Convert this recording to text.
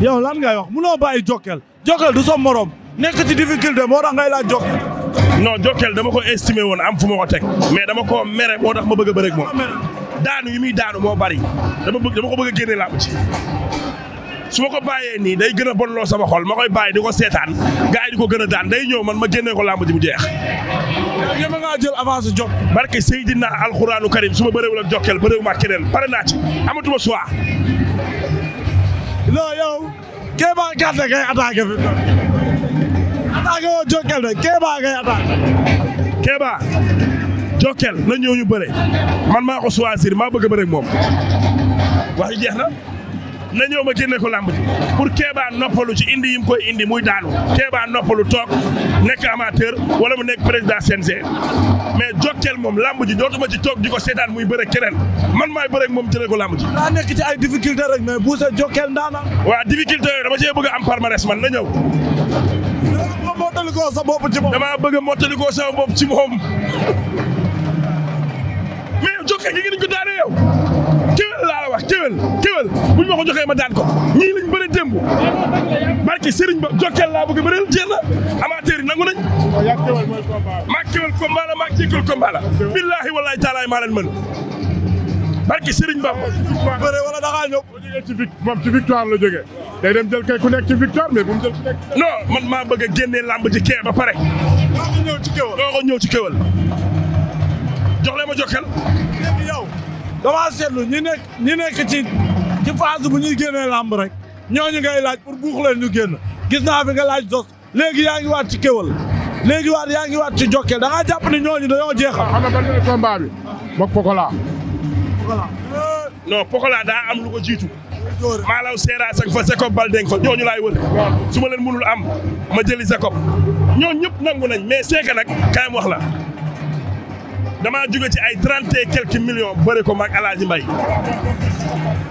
yow lan ngay wax munoo bàyyi Jokal Jokal du sa morom nekk ci difficulté moo tax ngay laaj Jokal. non Jokal dama ko estimé woon am fu ma ko teg mais dama ko mere moo tax ma bëgg a bëre ak moom daanu yi muy daanu moo bari dama bëgg dama ko bëgg a génne làmb ci. su ma ko bàyyee nii day gën a bonloo sama xol ma koy bàyyi di ko seetaan gars yi di ko gën daan day ñëw man ma génnee ko làmb ji mu jeex. yow ma ngaa jël avance jok barke Seydina alxuraanu Karim su ma bëreewul ak Jokal bëreewuma ak keneen pare naa ci amatuma choix. Jokalante ngay attaqué fi mu attaqué woo Jokalante Kéba ngay attaqué. Kéba Jokel na ñëw ñu bëre man maa ko choisir maa bëgg a moom wax ji jeex na. na ñëw ma génne ko làmb ji pour Kéba noppalu ci indi yi mu koy indi muy daanu Kéba noppalu toog nekk amateur wala mu nekk président CNG mais Jokal moom làmb ji dootuma ci toog di ko seetaan muy bëre keneen man maay bëre ak moom jëlee ko làmb ji. daa nekk ci ay difficulté rek mais bu sa Jokal ndaana. waaw difficulté yooyu dama cee bëgg am palmarès man na ñëw. dama mottali ko sa bopp ci moom. dama bëgg a mottali ko sa bopp ci moom mais Jokal gi ngeen ko daane buñ ma ko joxee ma daan ko ñii lañ bëri démb barki Serigne Ba jokkeel laa bëgg bëreel jeex na amateur yi nangu nañ maa kéwal combat la maa jégal combat la billaahi wallaahi taalaay maa leen mën barki Serigne Ba bëre wala daxaa ñëw ci moom ci victoire la jógee day dem jël kay ku nekk ci victoire mais bu mu jël ku nekk non maa bëgg a génnee làmb ji ba pare doo ko ñëw ci kéwal doo ma jokkeel yow damaa seetlu ñi nekk ñi nekk ci ci phase bu ñuy génnee làmb rek ñooñu ngay laaj pour buux leen ñu génn gis naa fi nga laaj Zos léegi yaa ngi waat ci kéwal léegi waat yaa ngi waat ci Jokkel da ngaa jàpp ni ñooñu dañoo jeexal. xam nga ban la combat bi moog Pokola. Pokola. non daa am lu ko jiitu. maalaw seera sag fa Jacob Baldeng fa ñooñu laay wër su ma leen mënul am ma jëli Jacob ñoo ñëpp nangu nañ mais seeka nag kaayam wax la damaa jóge ci ay trente et million millions bëri ko maag Alaaji Mbay